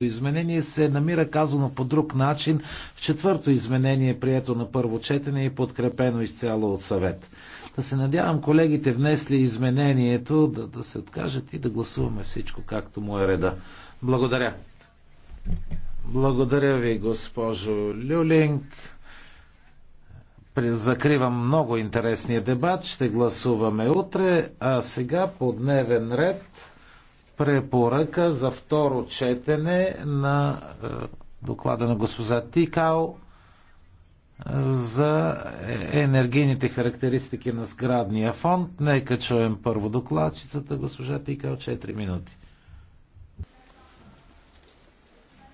изменение се намира казано по друг начин в четвърто изменение, прието на първо четене и подкрепено изцяло от съвет. Да се надявам колегите внесли изменението да, да се откажат и да гласуваме всичко както му е реда. Благодаря. Благодаря ви, госпожо Люлинг. Закривам много интересния дебат. Ще гласуваме утре, а сега по дневен ред препоръка за второ четене на е, доклада на госпожа Тикао е, за енергийните характеристики на сградния фонд. Нека чуем първо докладчицата, госпожа Тикао, 4 минути.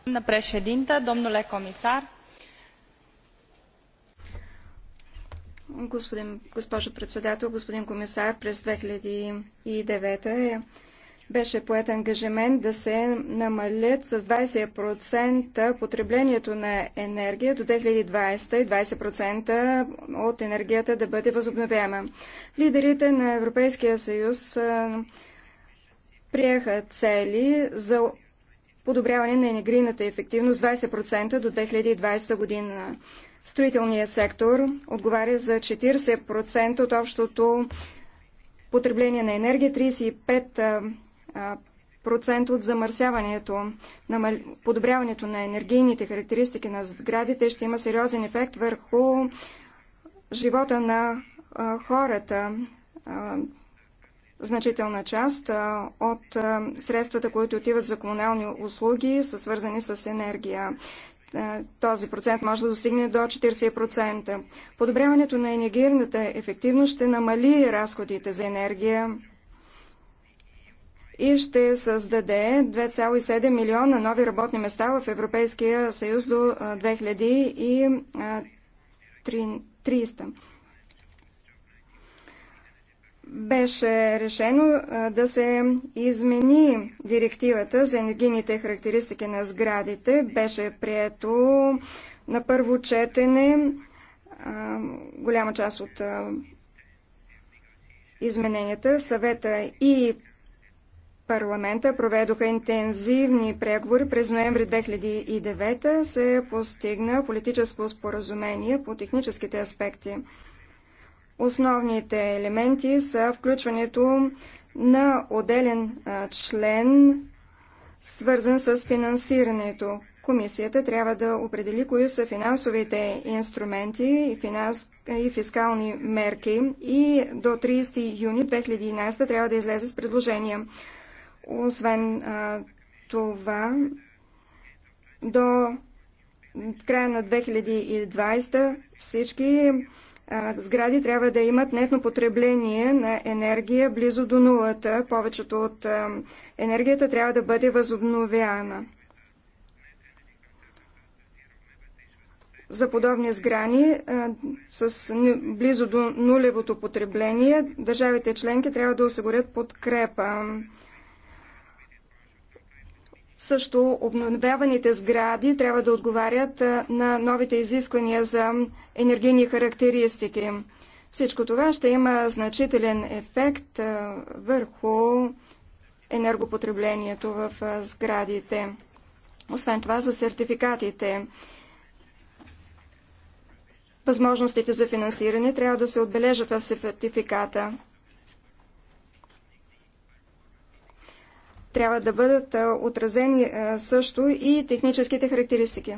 Domnule комисар. господин, госпожо председател, господин комисар, през 2009 е беше поет ангажимент да се намалят с 20% потреблението на енергия до 2020 и 20% от енергията да бъде възобновяема. Лидерите на Европейския съюз приеха цели за подобряване на енергийната ефективност 20% до 2020 година. Строителният сектор отговаря за 40% от общото потребление на енергия, 35% процент от замърсяването, подобряването на енергийните характеристики на сградите ще има сериозен ефект върху живота на хората. Значителна част от средствата, които отиват за комунални услуги, са свързани с енергия. Този процент може да достигне до 40%. Подобряването на енергийната ефективност ще намали разходите за енергия и ще създаде 2,7 милиона нови работни места в Европейския съюз до 2030. Беше решено да се измени директивата за енергийните характеристики на сградите. Беше прието на първо четене голяма част от измененията. Съвета и парламента проведоха интензивни преговори. През ноември 2009 се постигна политическо споразумение по техническите аспекти. Основните елементи са включването на отделен член, свързан с финансирането. Комисията трябва да определи кои са финансовите инструменти и, финанс... и фискални мерки и до 30 юни 2011 трябва да излезе с предложения. Освен а, това, до края на 2020 всички а, сгради трябва да имат нетно потребление на енергия близо до нулата. Повечето от а, енергията трябва да бъде възобновяна. за подобни сграни с близо до нулевото потребление, държавите членки трябва да осигурят подкрепа. Също обновяваните сгради трябва да отговарят на новите изисквания за енергийни характеристики. Всичко това ще има значителен ефект върху енергопотреблението в сградите. Освен това за сертификатите. Възможностите за финансиране трябва да се отбележат в сертификата. Трябва да бъдат отразени също и техническите характеристики.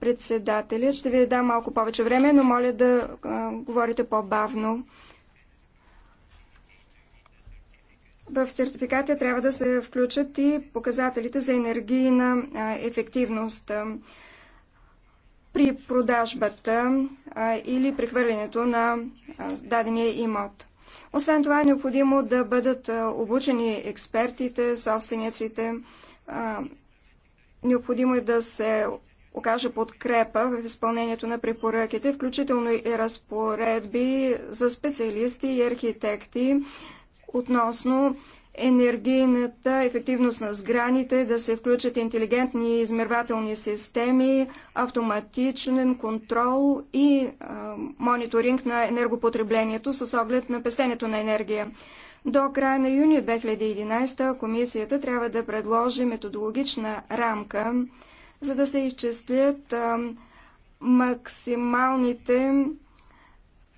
Председателя, ще ви дам малко повече време, но моля да говорите по-бавно. В сертификата трябва да се включат и показателите за енергийна ефективност при продажбата или прехвърлянето на дадения имот. Освен това е необходимо да бъдат обучени експертите, собствениците. Необходимо е да се окаже подкрепа в изпълнението на препоръките, включително и разпоредби за специалисти и архитекти относно енергийната ефективност на сграните, да се включат интелигентни измервателни системи, автоматичен контрол и а, мониторинг на енергопотреблението с оглед на пестенето на енергия. До края на юни 2011 комисията трябва да предложи методологична рамка, за да се изчислят а, максималните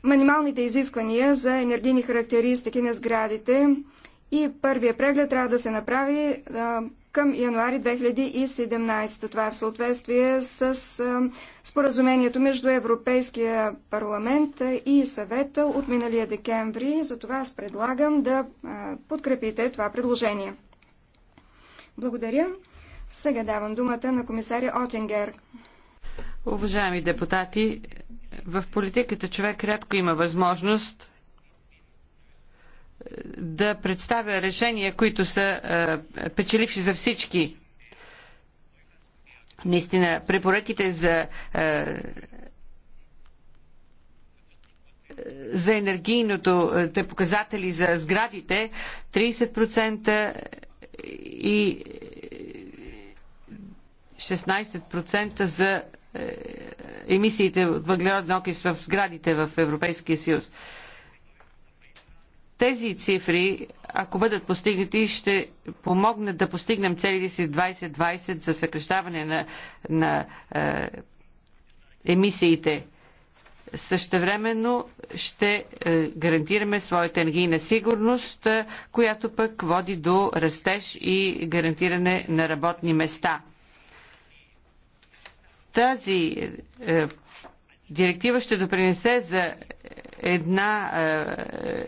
минималните изисквания за енергийни характеристики на сградите и първия преглед трябва да се направи а, към януари 2017. Това е в съответствие с а, споразумението между Европейския парламент и съвета от миналия декември. Затова аз предлагам да а, подкрепите това предложение. Благодаря. Сега давам думата на комисаря Отингер. Уважаеми депутати, в политиката човек рядко има възможност да представя решения, които са е, печеливши за всички. Наистина, препоръките за е, за енергийното, е, те показатели за сградите, 30% и 16% за емисиите от въглероден окис в сградите в Европейския съюз. Тези цифри, ако бъдат постигнати, ще помогнат да постигнем целите си 2020 за съкрещаване на, на е, емисиите. Същевременно ще е, гарантираме своята енергийна сигурност, е, която пък води до растеж и гарантиране на работни места. Тази е, директива ще допринесе за една е,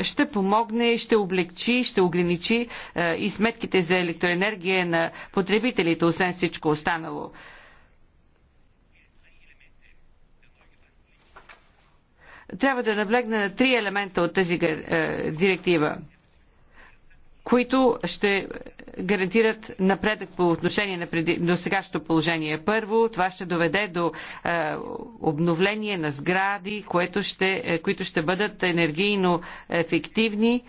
ще помогне, ще облегчи, ще ограничи е, и сметките за електроенергия на потребителите, освен всичко останало. Трябва да наблегна на три елемента от тази е, директива, които ще гарантират напредък по отношение на преди... до сегашното положение. Първо, това ще доведе до е, обновление на сгради, което ще, е, които ще бъдат енергийно ефективни.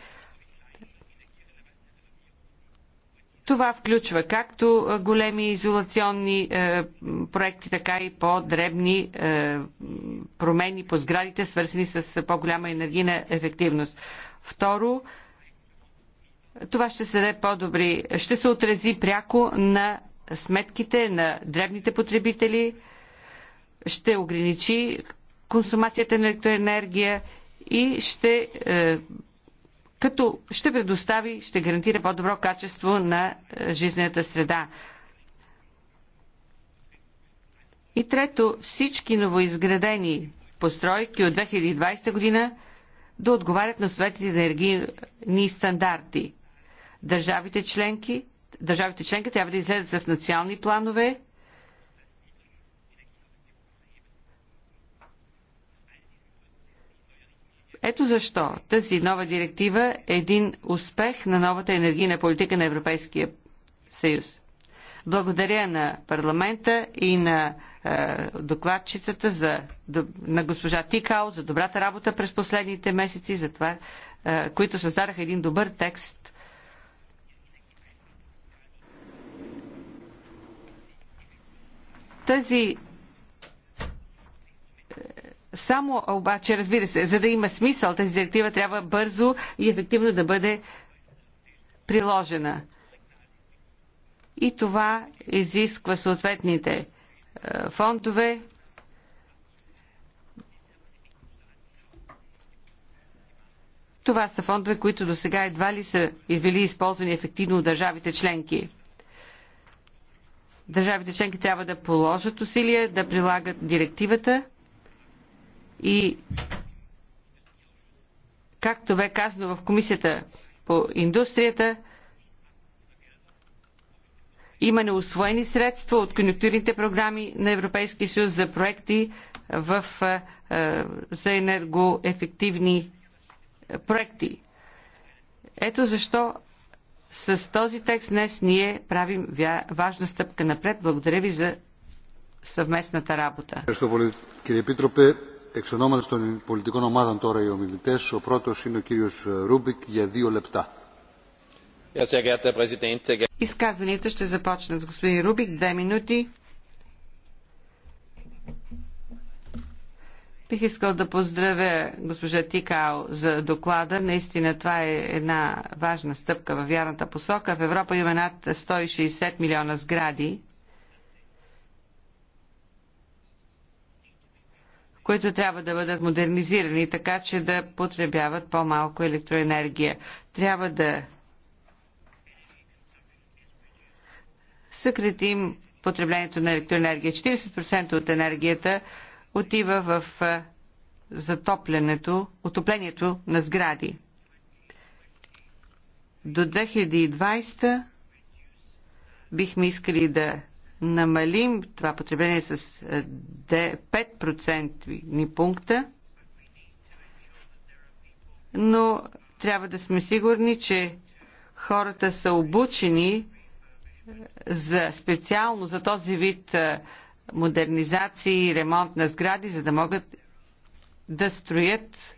Това включва както е, големи изолационни е, проекти, така и по-дребни е, промени по сградите, свързани с е, по-голяма енергийна ефективност. Второ, е, това ще се даде по-добри, ще се отрази пряко на сметките на дребните потребители, ще ограничи консумацията на електроенергия и ще, е, като ще предостави, ще гарантира по-добро качество на е, жизнената среда. И трето, всички новоизградени постройки от 2020 година да отговарят на съветите енергийни стандарти. Държавите членки, държавите членки трябва да излезат с национални планове, Ето защо тази нова директива е един успех на новата енергийна политика на Европейския съюз. Благодаря на парламента и на е, докладчицата за, на госпожа Тикао за добрата работа през последните месеци, за това, е, които създадаха един добър текст Тази е, само обаче, разбира се, за да има смисъл, тази директива трябва бързо и ефективно да бъде приложена. И това изисква съответните е, фондове. Това са фондове, които до сега едва ли са били използвани ефективно от държавите членки. Държавите членки трябва да положат усилия да прилагат директивата и както бе казано в комисията по индустрията, има неосвоени средства от конъюнктурните програми на Европейския съюз за проекти в, е, е, за енергоефективни проекти. Ето защо с този текст днес ние правим важна стъпка напред. Благодаря ви за съвместната работа. των πολιτικών ομάδων τώρα οι Ο είναι ο Ρούμπικ για δύο λεπτά. Изказванията ще започнат с господин Рубик. Две минути. Бих искал да поздравя госпожа Тикао за доклада. Наистина това е една важна стъпка във вярната посока. В Европа има над 160 милиона сгради, които трябва да бъдат модернизирани, така че да потребяват по-малко електроенергия. Трябва да съкретим потреблението на електроенергия. 40% от енергията отива в затоплянето, отоплението на сгради. До 2020 бихме искали да намалим това потребление с 5% пункта, но трябва да сме сигурни, че хората са обучени за, специално за този вид модернизации и ремонт на сгради, за да могат да строят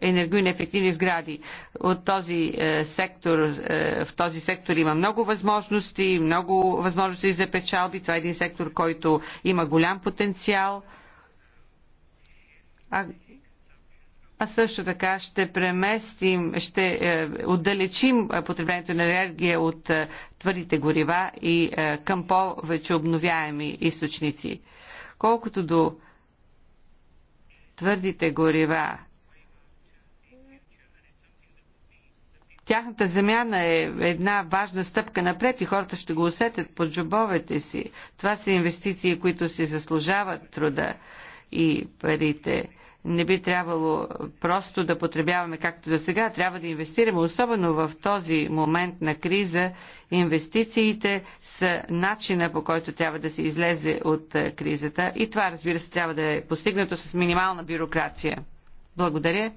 енергийно ефективни сгради. От този е, сектор, е, в този сектор има много възможности, много възможности за печалби. Това е един сектор, който има голям потенциал. А а също така ще преместим, ще е, отдалечим потреблението на енергия от е, твърдите горива и е, към повече обновяеми източници. Колкото до твърдите горива, тяхната замяна е една важна стъпка напред и хората ще го усетят под джобовете си. Това са инвестиции, които си заслужават труда и парите не би трябвало просто да потребяваме както до сега, трябва да инвестираме. Особено в този момент на криза, инвестициите са начина по който трябва да се излезе от е, кризата. И това, разбира се, трябва да е постигнато с минимална бюрокрация. Благодаря.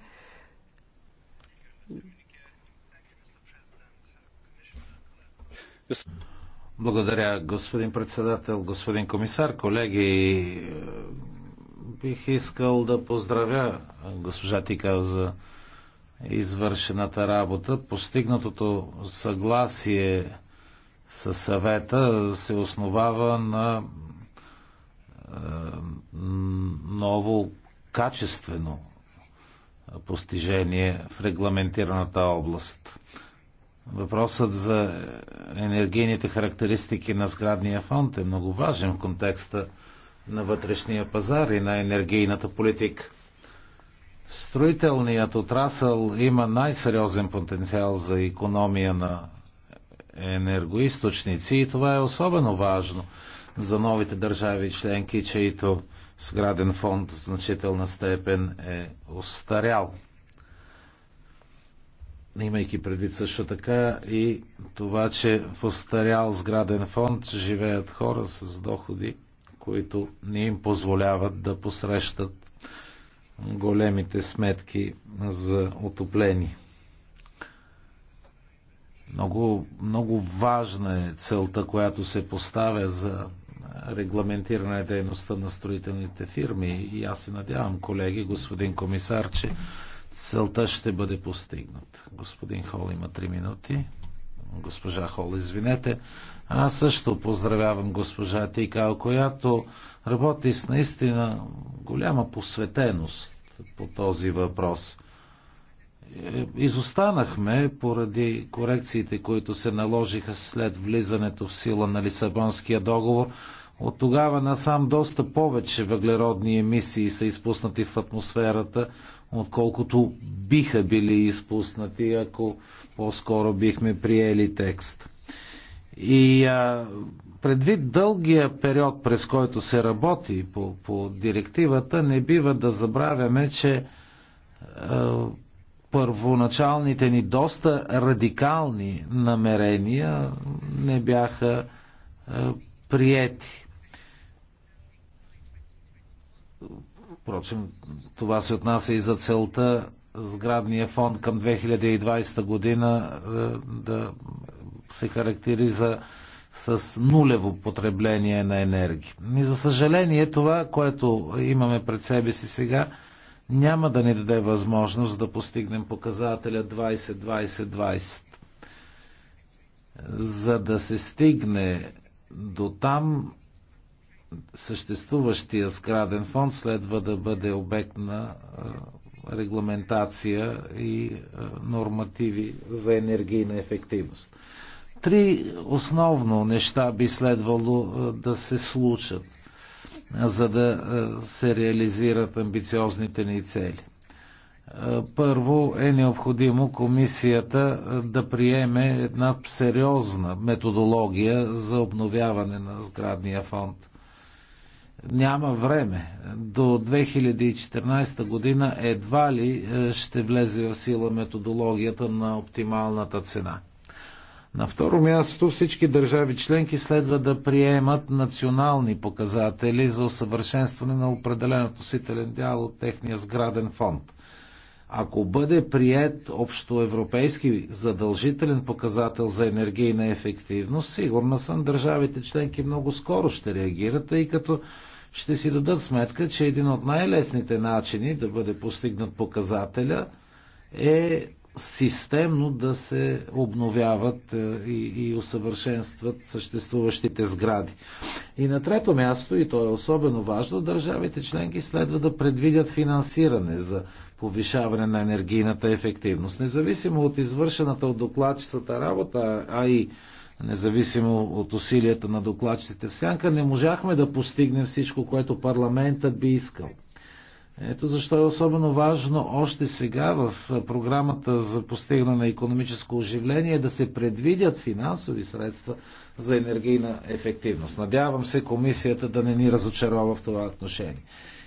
Благодаря, господин председател, господин комисар, колеги. Бих искал да поздравя госпожа Тика за извършената работа. Постигнатото съгласие със съвета се основава на ново качествено постижение в регламентираната област. Въпросът за енергийните характеристики на сградния фонд е много важен в контекста на вътрешния пазар и на енергийната политика. Строителният отрасъл има най-сериозен потенциал за економия на енергоисточници и това е особено важно за новите държави членки, чието сграден фонд в значителна степен е устарял. Имайки предвид също така и това, че в устарял сграден фонд живеят хора с доходи които не им позволяват да посрещат големите сметки за отопление. Много, много важна е целта, която се поставя за регламентиране дейността на строителните фирми. И аз се надявам, колеги, господин комисар, че целта ще бъде постигната. Господин Хол има 3 минути госпожа Хол, извинете. Аз също поздравявам госпожа Тикал, която работи с наистина голяма посветеност по този въпрос. Е, изостанахме поради корекциите, които се наложиха след влизането в сила на Лисабонския договор. От тогава насам доста повече въглеродни емисии са изпуснати в атмосферата, отколкото биха били изпуснати, ако по-скоро бихме приели текст. И а, предвид дългия период, през който се работи по, по директивата, не бива да забравяме, че а, първоначалните ни доста радикални намерения не бяха а, приети. Впрочем, това се отнася и за целта сградния фонд към 2020 година е, да се характериза с нулево потребление на енергия. И за съжаление това, което имаме пред себе си сега, няма да ни даде възможност да постигнем показателя 20-20-20. За да се стигне до там, съществуващия сграден фонд следва да бъде обект на регламентация и нормативи за енергийна ефективност. Три основно неща би следвало да се случат, за да се реализират амбициозните ни цели. Първо е необходимо комисията да приеме една сериозна методология за обновяване на сградния фонд – няма време. До 2014 година едва ли е, ще влезе в сила методологията на оптималната цена. На второ място всички държави членки следва да приемат национални показатели за усъвършенстване на определен относителен дял от техния сграден фонд. Ако бъде прият общоевропейски задължителен показател за енергийна ефективност, сигурна съм държавите членки много скоро ще реагират, тъй като ще си дадат сметка, че един от най-лесните начини да бъде постигнат показателя е системно да се обновяват е, и, и усъвършенстват съществуващите сгради. И на трето място, и то е особено важно, държавите членки следва да предвидят финансиране за повишаване на енергийната ефективност. Независимо от извършената от докладчицата работа, а и независимо от усилията на докладчиците в сянка, не можахме да постигнем всичко, което парламентът би искал. Ето защо е особено важно още сега в програмата за постигане на економическо оживление да се предвидят финансови средства за енергийна ефективност. Надявам се комисията да не ни разочарова в това отношение.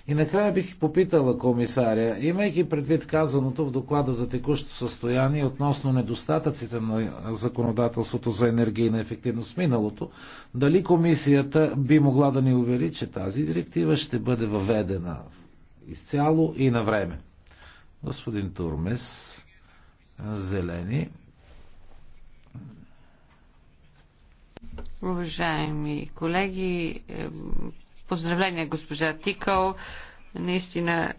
И накрая бих попитала комисаря, имайки предвид казаното в доклада за текущо състояние относно недостатъците на законодателството за енергийна ефективност в миналото, дали комисията би могла да ни увери, че тази директива ще бъде въведена изцяло и на време? Господин Турмес, зелени. Уважаеми колеги, Поздравление, госпожа Тикъл. Наистина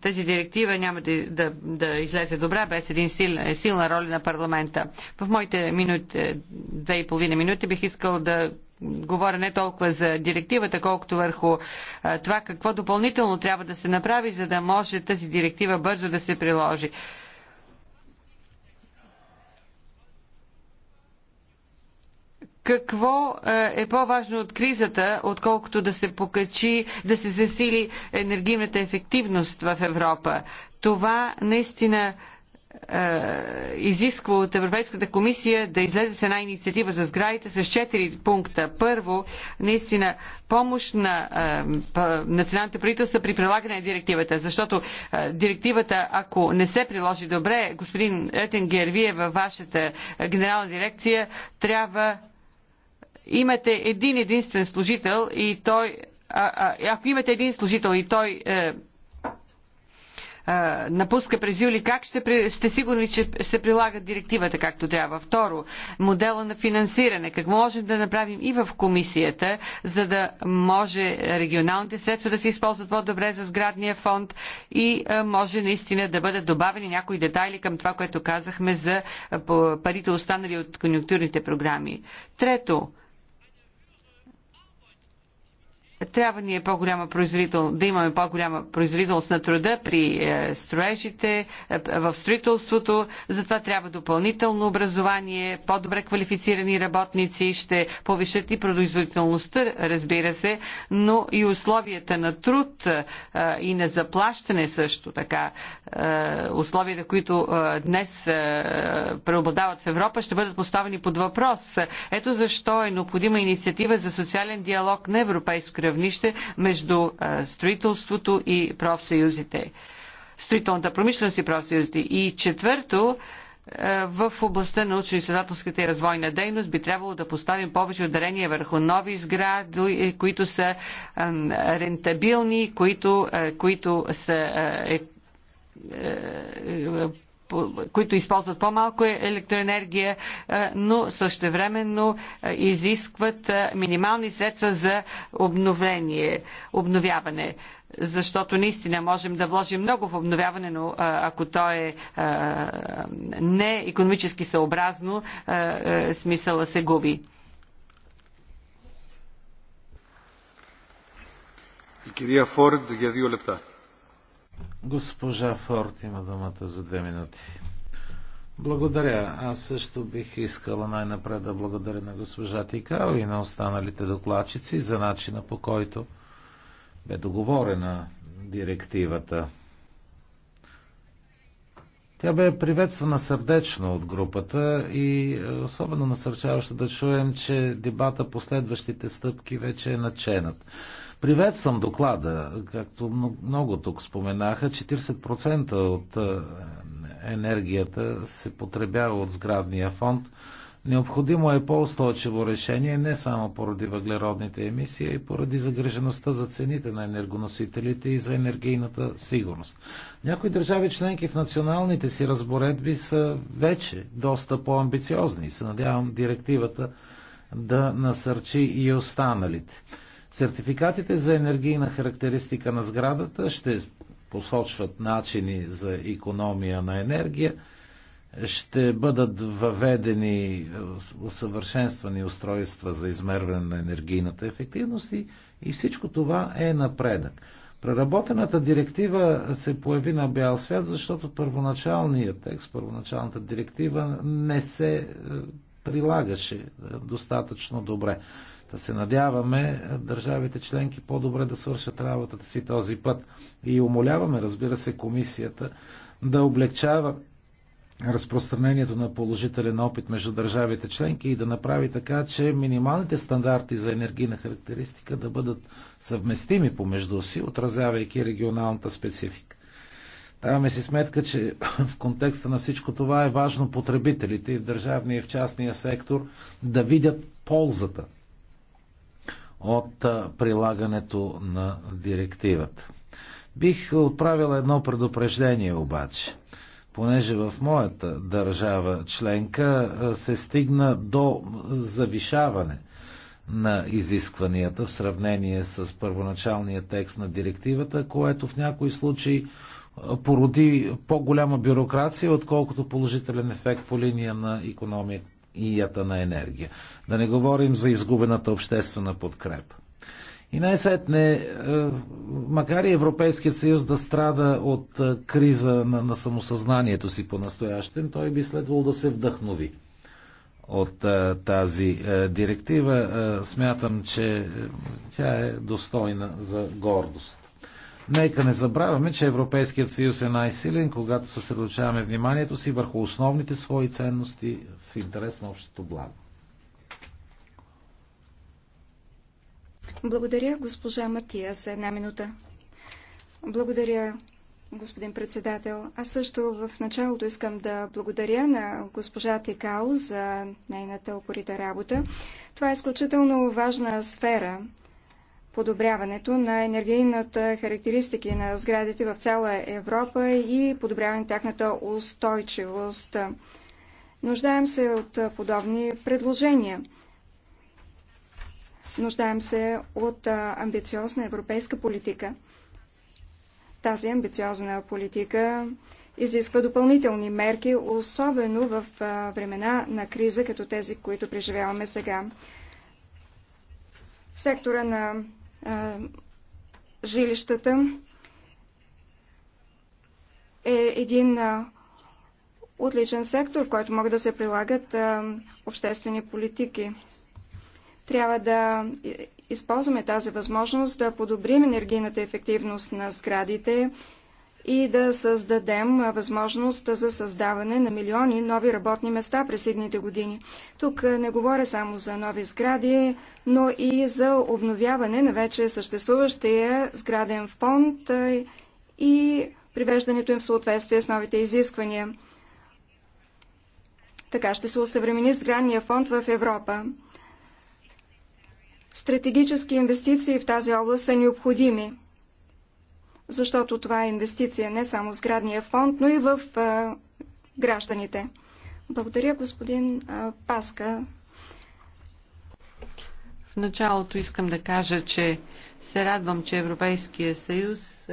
тази директива няма да, да, да излезе добра без един силна, силна роля на парламента. В моите минути, е, две и половина минути бих искал да говоря не толкова за директивата, колкото върху е, това какво допълнително трябва да се направи, за да може тази директива бързо да се приложи. какво е, е по-важно от кризата, отколкото да се покачи, да се засили енергийната ефективност в Европа. Това наистина е, изисква от Европейската комисия да излезе с една инициатива за сградите с четири пункта. Първо, наистина помощ на е, националните правителства при прилагане на директивата, защото директивата, ако не се приложи добре, господин Етенгер, вие във вашата генерална дирекция трябва имате един единствен служител и той. А, а, ако имате един служител и той е, е напуска през юли, как ще, сте сигурни, че се прилагат директивата както трябва? Второ, модела на финансиране. Какво можем да направим и в комисията, за да може регионалните средства да се използват по-добре за сградния фонд и е, може наистина да бъдат добавени някои детайли към това, което казахме за е, парите останали от конъюнктурните програми. Трето, трябва ни е по-голяма производител, да имаме по-голяма производителност на труда при е, строежите, е, в строителството. Затова трябва допълнително образование, по-добре квалифицирани работници ще повишат и производителността, разбира се, но и условията на труд е, и на заплащане също така. Условията, които днес преобладават в Европа, ще бъдат поставени под въпрос. Ето защо е необходима инициатива за социален диалог на европейско равнище между строителството и профсъюзите. Строителната промишленост и профсъюзите. И четвърто, в областта на научно-изследователската и развойна дейност би трябвало да поставим повече ударение върху нови сгради, е, които са рентабилни, които, е, които са е, които използват по-малко е, електроенергия, е, но същевременно е, изискват минимални средства за обновление, обновяване защото наистина можем да вложим много в обновяване, но ако то е не економически съобразно, смисъла се губи. Кирия Форд, για δύο Госпожа Форд има думата за две минути. Благодаря. Аз също бих искала най-напред да благодаря на госпожа Тикао и на останалите докладчици за начина по който бе договорена директивата. Тя бе приветствана сърдечно от групата и е, особено насърчаващо да чуем, че дебата по следващите стъпки вече е наченът. Приветствам доклада, както много тук споменаха, 40% от е, енергията се потребява от сградния фонд Необходимо е по-устойчиво решение не само поради въглеродните емисии, а и поради загрежеността за цените на енергоносителите и за енергийната сигурност. Някои държави членки в националните си разборедби са вече доста по-амбициозни. Се надявам директивата да насърчи и останалите. Сертификатите за енергийна характеристика на сградата ще посочват начини за економия на енергия, ще бъдат въведени усъвършенствани устройства за измерване на енергийната ефективност и, и всичко това е напредък. Преработената директива се появи на бял свят, защото първоначалният текст, първоначалната директива не се е, прилагаше е, достатъчно добре. Да се надяваме е, държавите членки по-добре да свършат работата си този път. И умоляваме, разбира се, комисията да облегчава разпространението на положителен опит между държавите членки и да направи така, че минималните стандарти за енергийна характеристика да бъдат съвместими помежду си, отразявайки регионалната специфика. Даваме си сметка, че в контекста на всичко това е важно потребителите и в държавния и в частния сектор да видят ползата от прилагането на директивата. Бих отправил едно предупреждение обаче – понеже в моята държава членка се стигна до завишаване на изискванията в сравнение с първоначалния текст на директивата, което в някои случаи породи по-голяма бюрокрация, отколкото положителен ефект по линия на економията на енергия. Да не говорим за изгубената обществена подкрепа. И най-сетне, е, макар и Европейският съюз да страда от е, криза на, на самосъзнанието си по-настоящен, той би следвало да се вдъхнови от а, е, тази а, директива. А, смятам, че тя е достойна за гордост. Нека не забравяме, че Европейският съюз е най-силен, когато съсредоточаваме вниманието си върху основните свои ценности в интерес на общото благо. Благодаря, госпожа Матия, за една минута. Благодаря, господин председател. Аз също в началото искам да благодаря на госпожа Тикао за нейната упорита работа. Това е изключително важна сфера подобряването на енергийната характеристики на сградите в цяла Европа и подобряване на тяхната устойчивост. Нуждаем се от подобни предложения. Нуждаем се от амбициозна европейска политика. Тази амбициозна политика изисква допълнителни мерки, особено в времена на криза, като тези, които преживяваме сега. Сектора на жилищата е един отличен сектор, в който могат да се прилагат обществени политики. Трябва да използваме тази възможност да подобрим енергийната ефективност на сградите и да създадем възможност за създаване на милиони нови работни места през едните години. Тук не говоря само за нови сгради, но и за обновяване на вече съществуващия сграден фонд и привеждането им в съответствие с новите изисквания. Така ще се усъвремени сградния фонд в Европа. Стратегически инвестиции в тази област са необходими, защото това е инвестиция не само в сградния фонд, но и в а, гражданите. Благодаря, господин а, Паска. В началото искам да кажа, че се радвам, че Европейския съюз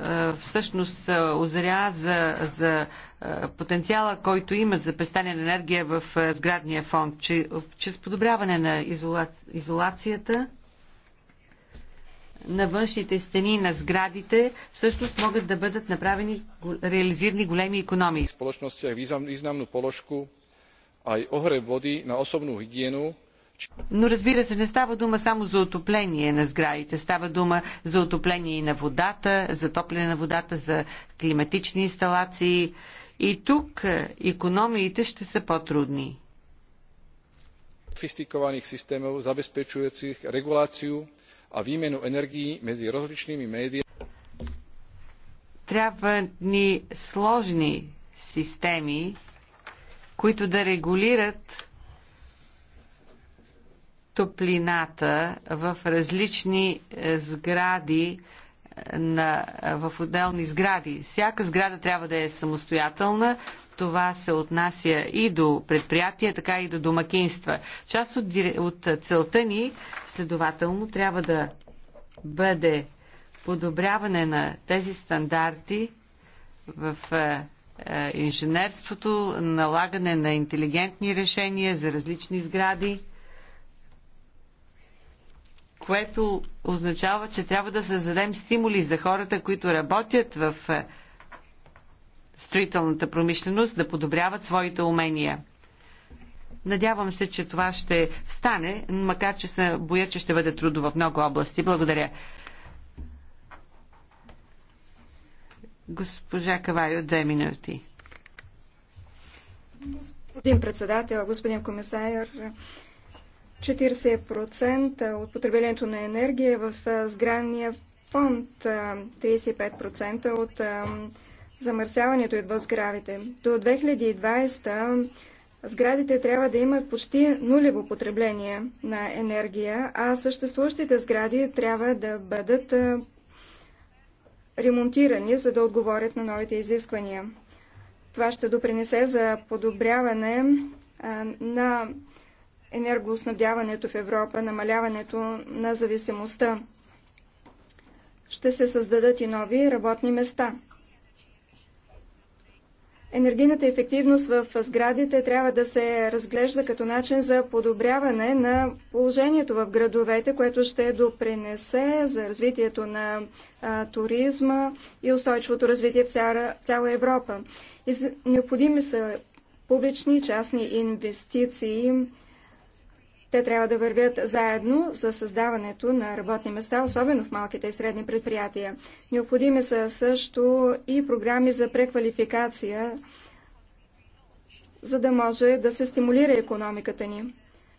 е, всъщност е, озря за, за е, потенциала, който има за пестане на енергия в сградния фонд, че, чрез подобряване на изола, изолацията на външните стени на сградите всъщност могат да бъдат направени реализирани големи економии. В е významnú položku и ohreb води на osobnú hygienu но разбира се, не става дума само за отопление на сградите, става дума за отопление и на водата, за топлене на водата, за климатични инсталации. И тук економиите ще са по-трудни. Sofistikovaných systémov zabezpečujúcich reguláciu a výmenu енергии medzi rozličnými медиа. Трябва ни сложни системи, които да регулират топлината в различни е, сгради е, на, е, в отделни сгради. Всяка сграда трябва да е самостоятелна. Това се отнася и до предприятия, така и до домакинства. Част от, от целта ни, следователно, трябва да бъде подобряване на тези стандарти в инженерството, налагане на интелигентни решения за различни сгради което означава, че трябва да създадем стимули за хората, които работят в е, строителната промишленост, да подобряват своите умения. Надявам се, че това ще стане, макар че се боя, че ще бъде трудно в много области. Благодаря. Госпожа Кавайо, две минути. Господин председател, господин комисар, 40% от потреблението на енергия е в сградния фонд, 35% от замърсяването идва в сградите. До 2020 сградите трябва да имат почти нулево потребление на енергия, а съществуващите сгради трябва да бъдат ремонтирани, за да отговорят на новите изисквания. Това ще допринесе за подобряване на енергоснабдяването в Европа, намаляването на зависимостта. Ще се създадат и нови работни места. Енергийната ефективност в сградите трябва да се разглежда като начин за подобряване на положението в градовете, което ще допринесе за развитието на а, туризма и устойчивото развитие в цяла, цяла Европа. Из... Необходими са публични и частни инвестиции те трябва да вървят заедно за създаването на работни места, особено в малките и средни предприятия. Необходими са също и програми за преквалификация, за да може да се стимулира економиката ни.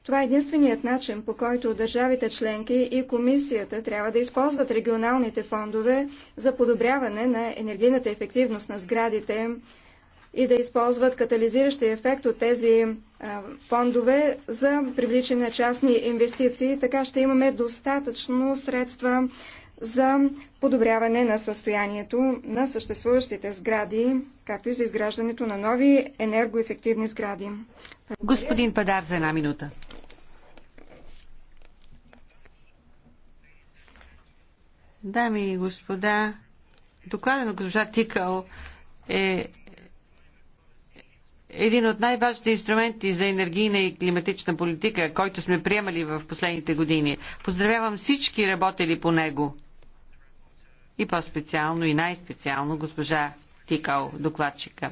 Това е единственият начин, по който държавите членки и комисията трябва да използват регионалните фондове за подобряване на енергийната ефективност на сградите, и да използват катализиращия ефект от тези фондове за привличане на частни инвестиции. Така ще имаме достатъчно средства за подобряване на състоянието на съществуващите сгради, както и за изграждането на нови енергоефективни сгради. Господин Падар за една минута. Дами и господа, доклада на госпожа Тикал е един от най-важните инструменти за енергийна и климатична политика, който сме приемали в последните години. Поздравявам всички работели по него. И по-специално, и най-специално госпожа Тикал, докладчика.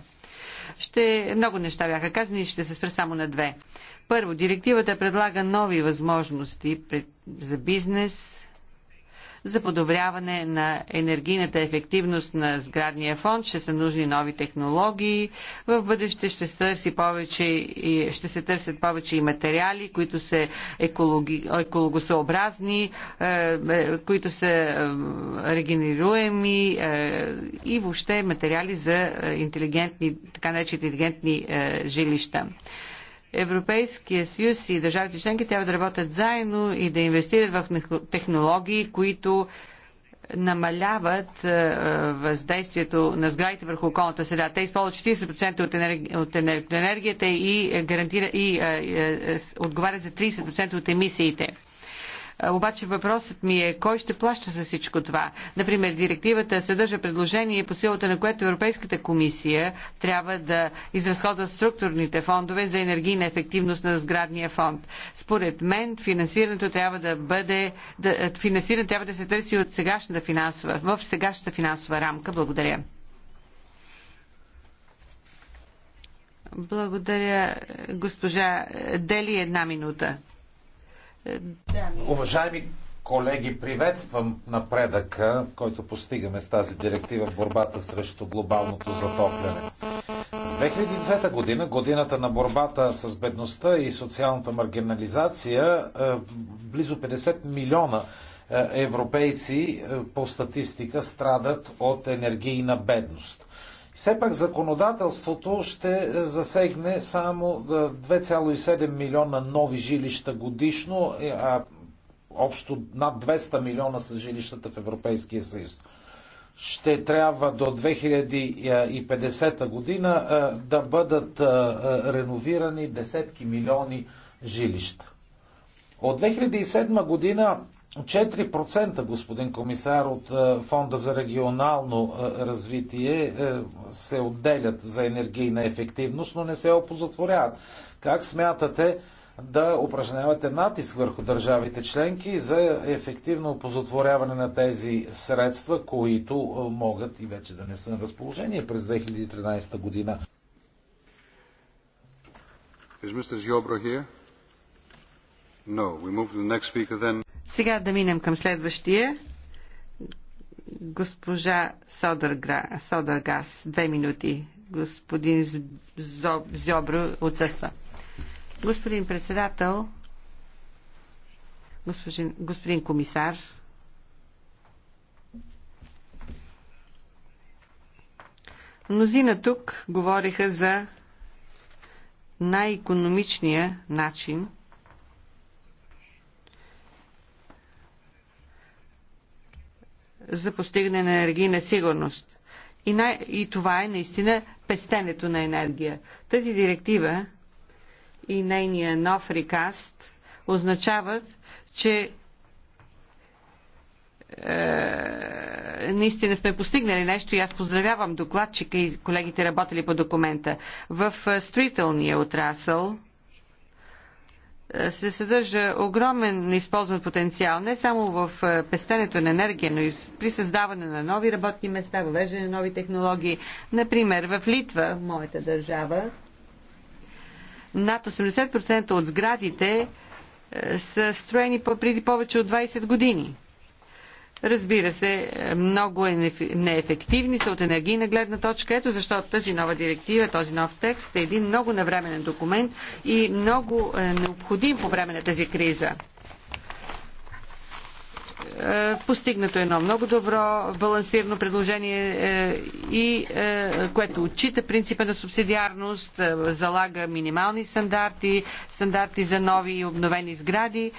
Ще, много неща бяха казани, ще се спра само на две. Първо, директивата предлага нови възможности за бизнес, за подобряване на енергийната ефективност на сградния фонд. Ще са нужни нови технологии. В бъдеще ще се, търси повече и, ще се търсят повече и материали, които са екологи, екологосъобразни, е, е, които са е, регенеруеми и въобще материали за интелигентни, така наречени интелигентни жилища. Европейския съюз и държавите членки трябва да работят заедно и да инвестират в технологии, които намаляват е, е, въздействието на сградите върху околната среда. Те използват 40% от, енерги... от енергията и, гарантира... и, и е, отговарят за 30% от емисиите. Обаче въпросът ми е кой ще плаща за всичко това. Например, директивата съдържа предложение по силата на което Европейската комисия трябва да изразходва структурните фондове за енергийна ефективност на сградния фонд. Според мен финансирането трябва да бъде да, финансирането трябва да се търси от сегашната финансова, в сегашната финансова рамка. Благодаря. Благодаря, госпожа Дели, една минута. Уважаеми колеги, приветствам напредъка, който постигаме с тази директива в борбата срещу глобалното затопляне. 2010 година, годината на борбата с бедността и социалната маргинализация, е, близо 50 милиона е, европейци е, по статистика страдат от енергийна бедност. Все пак законодателството ще е, засегне само 2,7 е, милиона нови жилища годишно, е, а общо над 200 милиона са жилищата в Европейския съюз. Ще трябва до 2050 година да бъдат реновирани десетки милиони жилища. От 2007 година 4%, господин комисар, от е, Фонда за регионално е, развитие е, се отделят за енергийна ефективност, но не се опозатворяват. Как смятате да упражнявате натиск върху държавите членки за ефективно опозатворяване на тези средства, които могат и вече да не са на разположение през 2013 година? Is Mr. Ziobro here? No, we move to the next speaker then. Сега да минем към следващия. Госпожа Содъргра, Содъргас, две минути. Господин Зобро отсъства. Господин председател, господин, господин комисар, мнозина тук говориха за най-економичния начин – за постигане на енергийна сигурност. И, най- и това е наистина пестенето на енергия. Тази директива и нейния нов рекаст означават, че е, наистина сме постигнали нещо и аз поздравявам докладчика и колегите работили по документа. В е, строителния отрасъл се съдържа огромен неизползван потенциал, не само в е, пестенето на енергия, но и при създаване на нови работни места, въвеждане на нови технологии. Например, в Литва, моята държава, над 80% от сградите е, са строени преди повече от 20 години разбира се, много е неефективни са от енергийна гледна точка. Ето защо тази нова директива, този нов текст е един много навременен документ и много е, необходим по време на тази криза. Е, постигнато е едно много добро балансирано предложение е, и което отчита принципа на субсидиарност, залага минимални стандарти, стандарти за нови и обновени сгради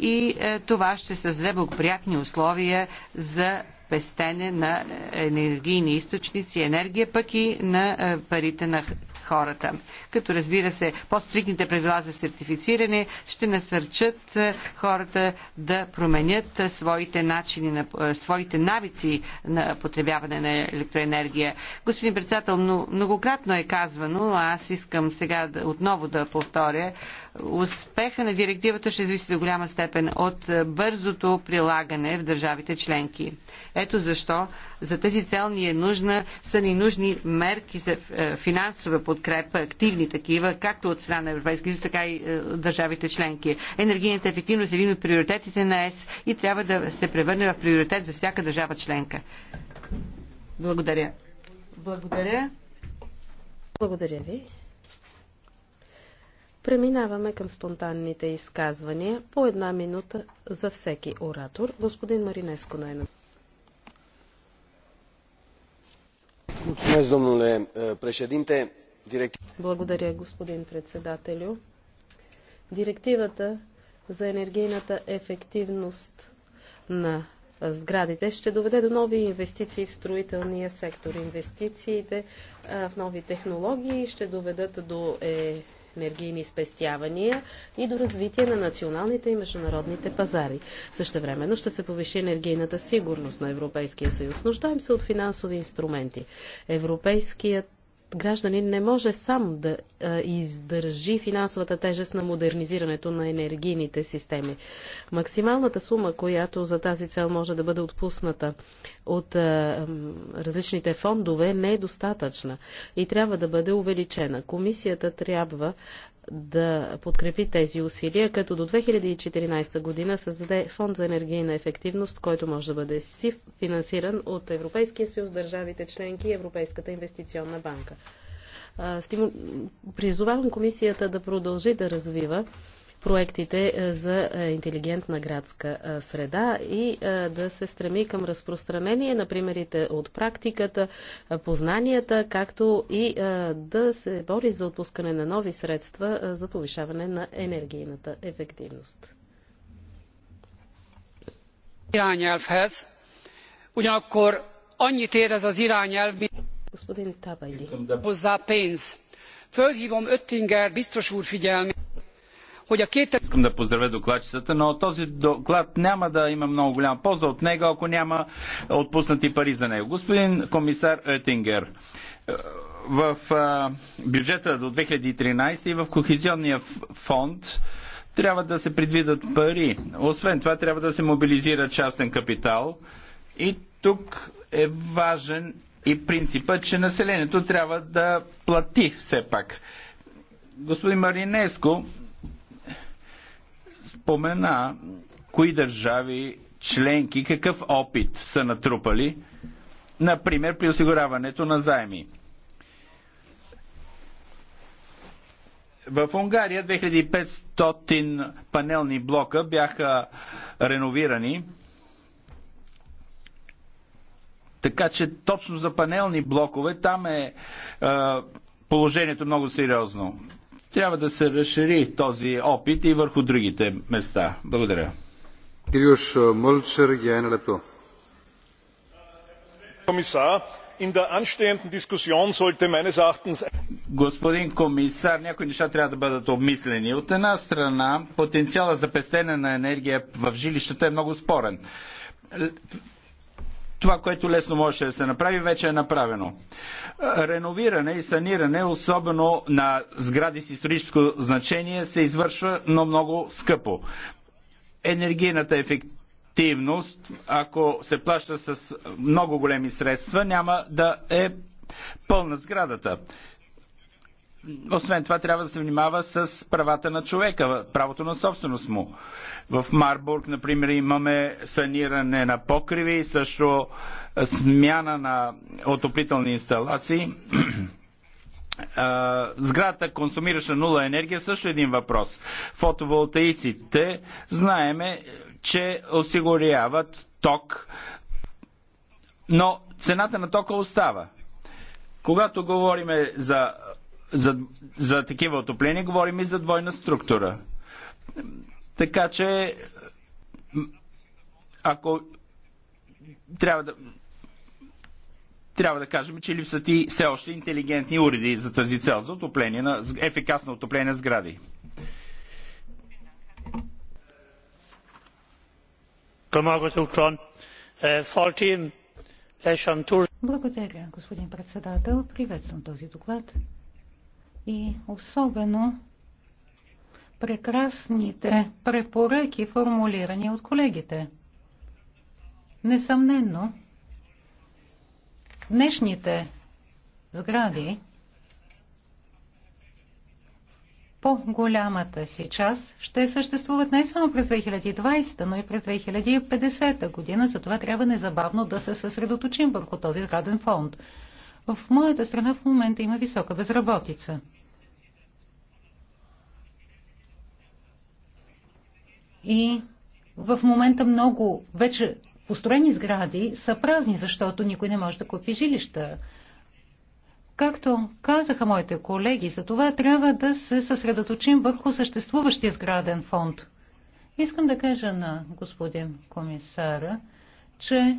и е, това ще създаде благоприятни условия за пестене на енергийни източници, енергия, пък и на е, парите на хората като разбира се по-стрикните правила за сертифициране ще насърчат е, хората да променят е, своите начини, на, е, своите навици на потребяване на електроенергия. Господин председател, многократно е казвано, аз искам сега да, отново да повторя, успеха на директивата ще зависи до голяма степен от бързото прилагане в държавите членки. Ето защо за тази цел ни е нужна, са ни нужни мерки за е, финансова подкрепа, активни такива, както от страна на Европейския съюз, така и е, държавите членки. Енергийната ефективност е един от приоритетите на ЕС и трябва да се превърне в приоритет за всяка държава членка. Благодаря. Благодаря. Благодаря ви. Преминаваме към спонтанните изказвания по една минута за всеки оратор. Господин Маринеско най-напред. Eh, Благодаря, господин Директивата за енергийната ефективност на сградите ще доведе до нови инвестиции в строителния сектор. Инвестициите в нови технологии ще доведат до е, енергийни спестявания и до развитие на националните и международните пазари. Същевременно ще се повиши енергийната сигурност на Европейския съюз. Нуждаем се от финансови инструменти. Европейският гражданин не може сам да издържи финансовата тежест на модернизирането на енергийните системи. Максималната сума, която за тази цел може да бъде отпусната от различните фондове, не е достатъчна и трябва да бъде увеличена. Комисията трябва да подкрепи тези усилия, като до 2014 година създаде фонд за енергийна ефективност, който може да бъде си финансиран от Европейския съюз, държавите членки и Европейската инвестиционна банка. Призовавам комисията да продължи да развива проектите е, за е, интелигентна градска е, среда и да се стреми към разпространение на примерите от практиката, познанията, както и да се бори за отпускане на нови средства за повишаване на енергийната ефективност. Irányelvhez. Ugyanakkor annyit ér ez az irányelv, mint hozzá pénz. Fölhívom Öttinger biztos úr figyelmét. Искам да поздравя докладчицата, но този доклад няма да има много голяма полза от него, ако няма отпуснати пари за него. Господин комисар Етингер, е, в е, бюджета до 2013 и в Кохезионния фонд трябва да се предвидат пари. Освен това, трябва да се мобилизира частен капитал. И тук е важен и принципът, че населението трябва да плати все пак. Господин Маринеско спомена кои държави членки какъв опит са натрупали, например при осигуряването на заеми. В Унгария 2500 панелни блока бяха реновирани. Така че точно за панелни блокове там е, е положението много сериозно. Трябва да се разшири този опит и върху другите места. Благодаря. Кириуш е, Мълчер, Генерато. Комисар, in der anstehenden Diskussion sollte meines Erachtens Господин комисар, някои неща трябва да бъдат обмислени. От една страна, потенциала за пестене на енергия в жилищата е много спорен това, което лесно можеше да се направи, вече е направено. Реновиране и саниране, особено на сгради с историческо значение, се извършва, но много скъпо. Енергийната ефективност ефективност, ако се плаща с много големи средства, няма да е пълна сградата освен това трябва да се внимава с правата на човека, правото на собственост му. В Марбург, например, имаме саниране на покриви, също смяна на отоплителни инсталации. Сградата консумираше нула енергия, също един въпрос. Фотоволтаиците, знаеме, че осигуряват ток, но цената на тока остава. Когато говорим за за, за такива отопления говорим и за двойна структура. Така че, ако трябва да, трябва да кажем, че липсват и все още интелигентни уреди за тази цел, за отопление на, ефикасно отопление на сгради. Благодаря, господин председател. Приветствам този доклад и особено прекрасните препоръки, формулирани от колегите. Несъмненно днешните сгради по-голямата си част ще съществуват не само през 2020, но и през 2050 година. Затова трябва незабавно да се съсредоточим върху този сграден фонд. В моята страна в момента има висока безработица. И в момента много вече построени сгради са празни, защото никой не може да купи жилища. Както казаха моите колеги, за това трябва да се съсредоточим върху съществуващия сграден фонд. Искам да кажа на господин комисара, че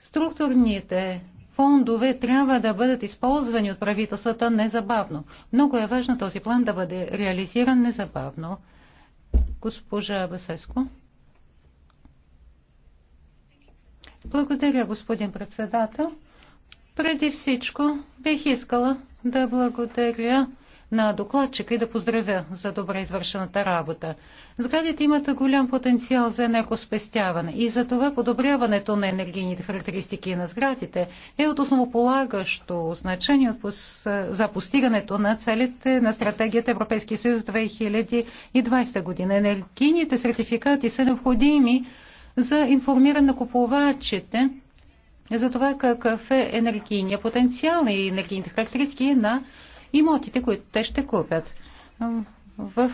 структурните фондове трябва да бъдат използвани от правителствата незабавно. Много е важно този план да бъде реализиран незабавно. Госпожа Басеско. Благодаря, господин председател. Преди всичко бих искала да благодаря на докладчика и да поздравя за добре извършената работа. Сградите имат голям потенциал за енергоспестяване и за това подобряването на енергийните характеристики на сградите е от основополагащо значение за постигането на целите на стратегията Европейски съюз 2020 година. Енергийните сертификати са необходими за информиране на купувачите за това какъв е енергийния потенциал и енергийните характеристики на имотите, които те ще купят. В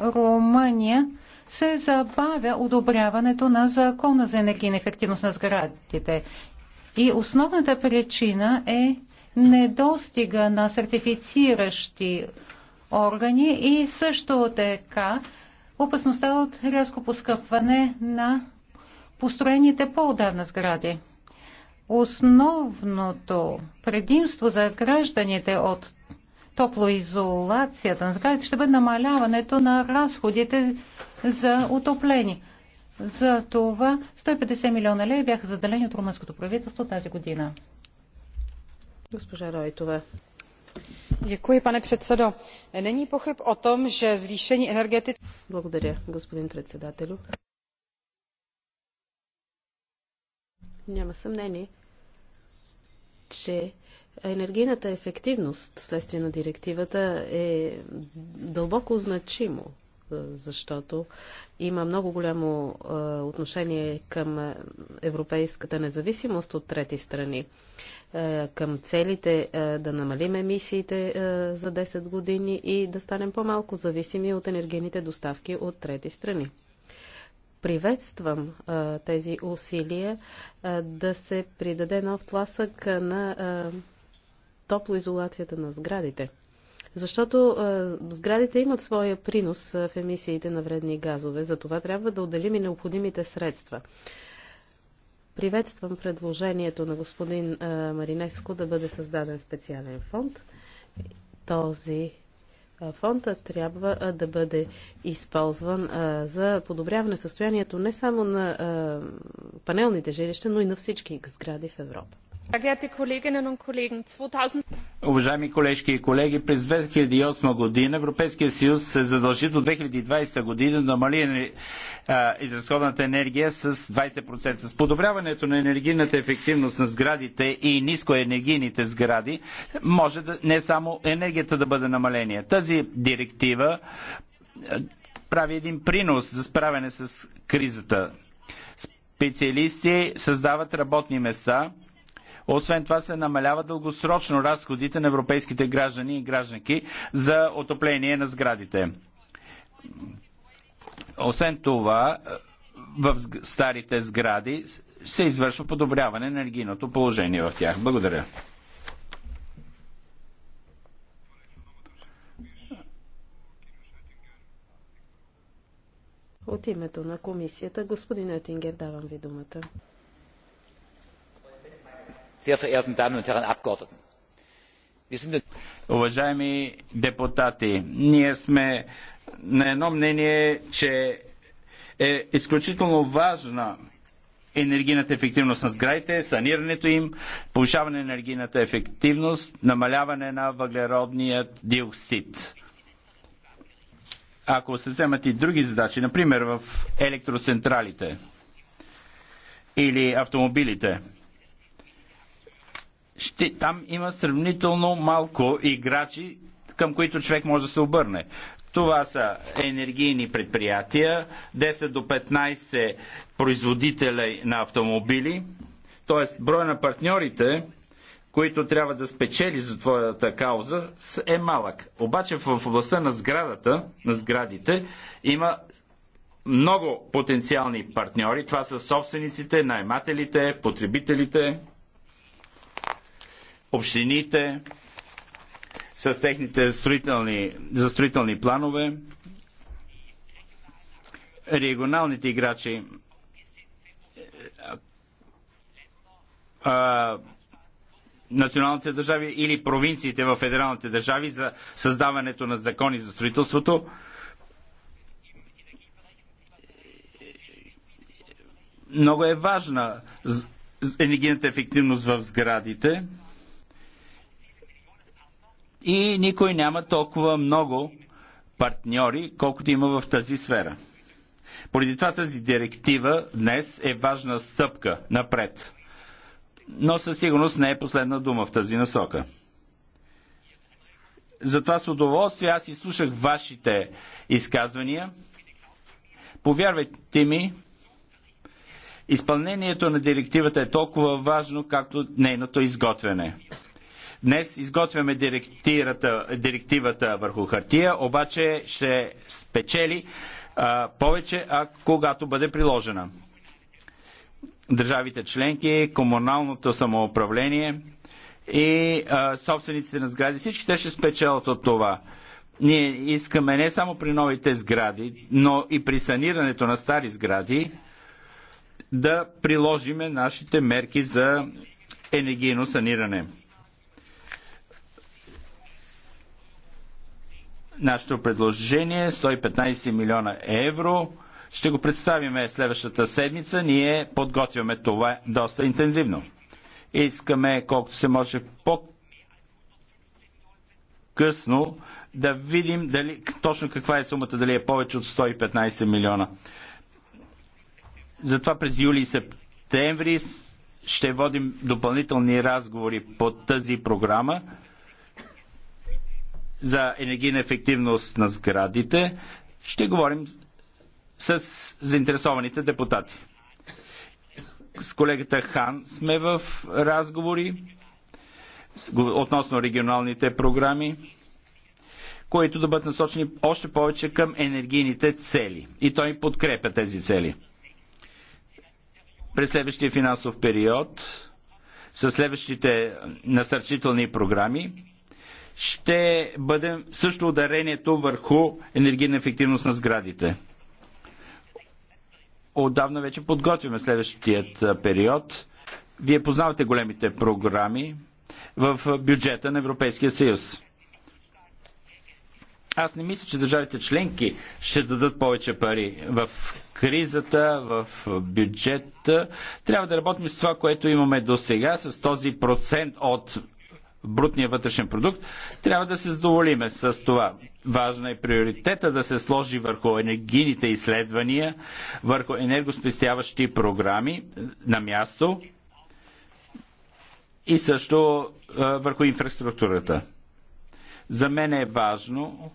Румъния се забавя одобряването на закона за енергийна ефективност на сградите. И основната причина е недостига на сертифициращи органи и също така опасността от рязко поскъпване на построените по-давна сгради. Основното предимство за гражданите от топлоизолацията на сградите ще бъде намаляването на разходите за отопление. За това 150 милиона лея бяха заделени от румънското правителство тази година. Госпожа Ройтова. Děkuji, pane předsedo. Není pochyb o tom, že zvýšení energetiky... Благодаря, господин председателю. Няма съмнение, че енергийната ефективност вследствие на директивата е дълбоко значимо, защото има много голямо отношение към европейската независимост от трети страни, към целите да намалим емисиите за 10 години и да станем по-малко зависими от енергийните доставки от трети страни приветствам а, тези усилия а, да се придаде нов тласък на а, топлоизолацията на сградите. Защото а, е, сградите имат своя принос а, е, в емисиите на вредни газове, за това трябва да отделим и необходимите средства. Приветствам предложението на господин а, е, Маринеско да бъде създаден специален фонд. Този фонд трябва да бъде използван за подобряване състоянието не само на панелните жилища, но и на всички сгради в Европа. Уважаеми колежки и колеги, през 2008 година Европейския съюз се задължи до 2020 година да намали изразходната енергия с 20%. С подобряването на енергийната ефективност на сградите и нискоенергийните сгради може да, не само енергията да бъде намаление. Тази директива прави един принос за справяне с кризата. Специалисти създават работни места – освен това се намалява дългосрочно разходите на европейските граждани и гражданки за отопление на сградите. Освен това, в старите сгради се извършва подобряване на енергийното положение в тях. Благодаря. От името на комисията, господин Етингер, давам ви думата sehr verehrten Damen und Herren Abgeordneten. Уважаеми депутати, ние сме на едно мнение, че е изключително важна енергийната ефективност на сградите, санирането им, повишаване на енергийната ефективност, намаляване на въглеродният диоксид. Ако се вземат и други задачи, например в електроцентралите или автомобилите, ще, там има сравнително малко играчи, към които човек може да се обърне. Това са енергийни предприятия, 10 до 15 производителя на автомобили, т.е. броя на партньорите, които трябва да спечели за твоята кауза, е малък. Обаче в областта на сградата, на сградите, има много потенциални партньори. Това са собствениците, наймателите, потребителите, общините с техните строителни, застроителни планове, регионалните играчи е, националните държави или провинциите в федералните държави за създаването на закони за строителството. Много е важна енергийната ефективност в сградите и никой няма толкова много партньори, колкото има в тази сфера. Поради това тази директива днес е важна стъпка напред. Но със сигурност не е последна дума в тази насока. Затова с удоволствие аз изслушах вашите изказвания. Повярвайте ми, изпълнението на директивата е толкова важно, както нейното изготвяне. Днес изготвяме директивата, върху хартия, обаче ще спечели а, повече, а когато бъде приложена. Държавите членки, комуналното самоуправление и а, собствениците на сгради, всички те ще спечелят от това. Ние искаме не само при новите сгради, но и при санирането на стари сгради да приложиме нашите мерки за енергийно саниране. нашето предложение 115 е милиона евро. Ще го представим следващата седмица. Ние подготвяме това доста интензивно. Искаме колкото се може по-късно да видим дали, точно каква е сумата, дали е повече от 115 милиона. Затова през юли и септември ще водим допълнителни разговори по тази програма за енергийна ефективност на сградите, ще говорим с заинтересованите депутати. С колегата Хан сме в разговори относно регионалните програми, които да бъдат насочени още повече към енергийните цели. И той подкрепя тези цели. През следващия финансов период, с следващите насърчителни програми, ще бъде също ударението върху енергийна ефективност на сградите. Отдавна вече подготвяме следващият период. Вие познавате големите програми в бюджета на Европейския съюз. Аз не мисля, че държавите членки ще дадат повече пари в кризата, в бюджета. Трябва да работим с това, което имаме до сега, с този процент от брутния вътрешен продукт, трябва да се задоволиме с това. Важна е приоритета да се сложи върху енергийните изследвания, върху енергоспестяващи програми е, на място и също е, върху инфраструктурата. За мен е важно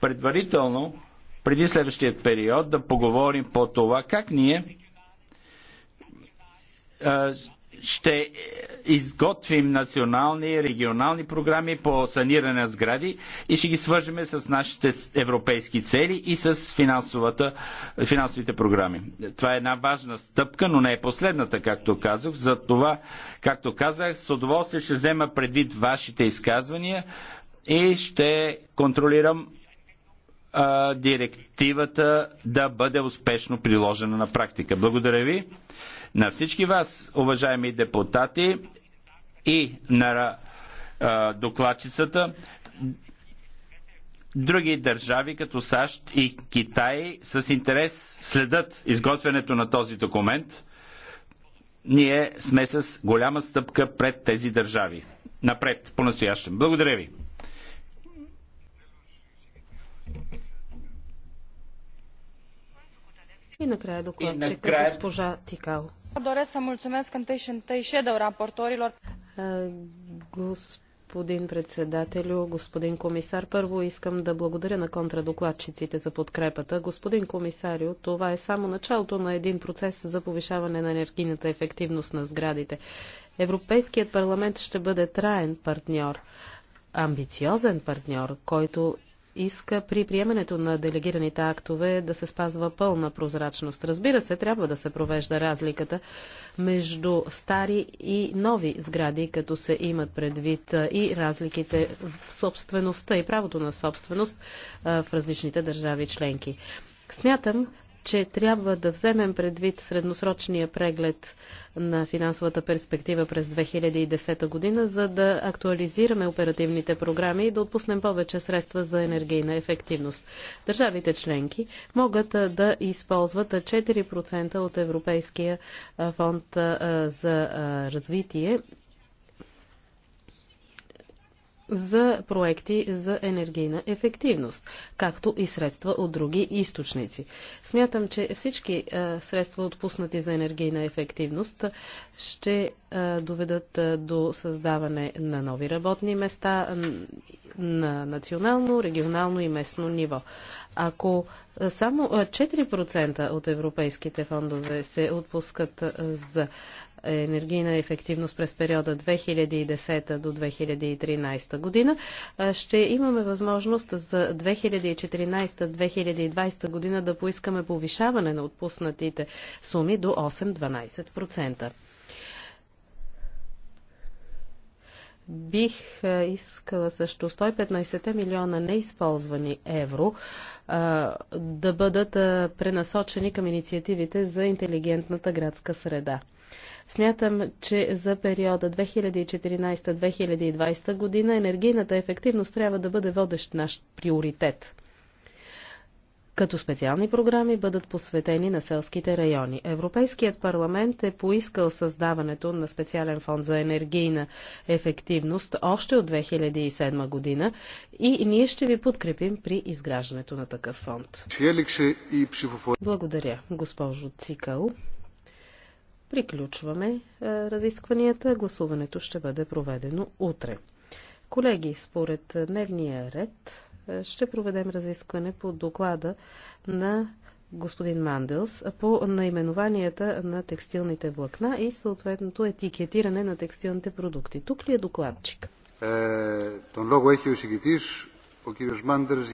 предварително, преди следващия период, да поговорим по това как ние е, ще изготвим национални и регионални програми по саниране на сгради и ще ги свържем с нашите европейски цели и с финансовите програми. Това е една важна стъпка, но не е последната, както казах. За това, както казах, с удоволствие ще взема предвид вашите изказвания и ще контролирам а, директивата да бъде успешно приложена на практика. Благодаря ви на всички вас, уважаеми депутати и на а, докладчицата, други държави, като САЩ и Китай, с интерес следят изготвянето на този документ. Ние сме с голяма стъпка пред тези държави. Напред, по-настоящем. Благодаря ви. И накрая докладчика накрая... госпожа Тикал. Doresc să mulțumesc întâi și întâi shadow raportorilor. Господин председателю, господин комисар, първо искам да благодаря на контрадокладчиците за подкрепата. Господин комисарио, това е само началото на един процес за повишаване на енергийната ефективност на сградите. Европейският парламент ще бъде траен партньор, амбициозен партньор, който иска при приемането на делегираните актове да се спазва пълна прозрачност. Разбира се, трябва да се провежда разликата между стари и нови сгради, като се имат предвид и разликите в собствеността и правото на собственост в различните държави членки. Смятам, че трябва да вземем предвид средносрочния преглед на финансовата перспектива през 2010 година, за да актуализираме оперативните програми и да отпуснем повече средства за енергийна ефективност. Държавите членки могат да използват 4% от Европейския фонд за развитие за проекти за енергийна ефективност, както и средства от други източници. Смятам, че всички средства, отпуснати за енергийна ефективност, ще доведат до създаване на нови работни места на национално, регионално и местно ниво. Ако само 4% от европейските фондове се отпускат за енергийна ефективност през периода 2010 до 2013 година. Ще имаме възможност за 2014-2020 година да поискаме повишаване на отпуснатите суми до 8-12%. Бих искала също 115 милиона неизползвани евро да бъдат пренасочени към инициативите за интелигентната градска среда. Смятам, че за периода 2014-2020 година енергийната ефективност трябва да бъде водещ наш приоритет като специални програми бъдат посветени на селските райони. Европейският парламент е поискал създаването на специален фонд за енергийна ефективност още от 2007 година и ние ще ви подкрепим при изграждането на такъв фонд. Благодаря, госпожо Цикъл. Приключваме е, разискванията. Гласуването ще бъде проведено утре. Колеги, според дневния ред е, ще проведем разискване по доклада на господин Манделс по наименованията на текстилните влакна и съответното етикетиране на текстилните продукти. Тук ли е докладчик? Τον е, λόγο много ο συγκητής, ο κύριος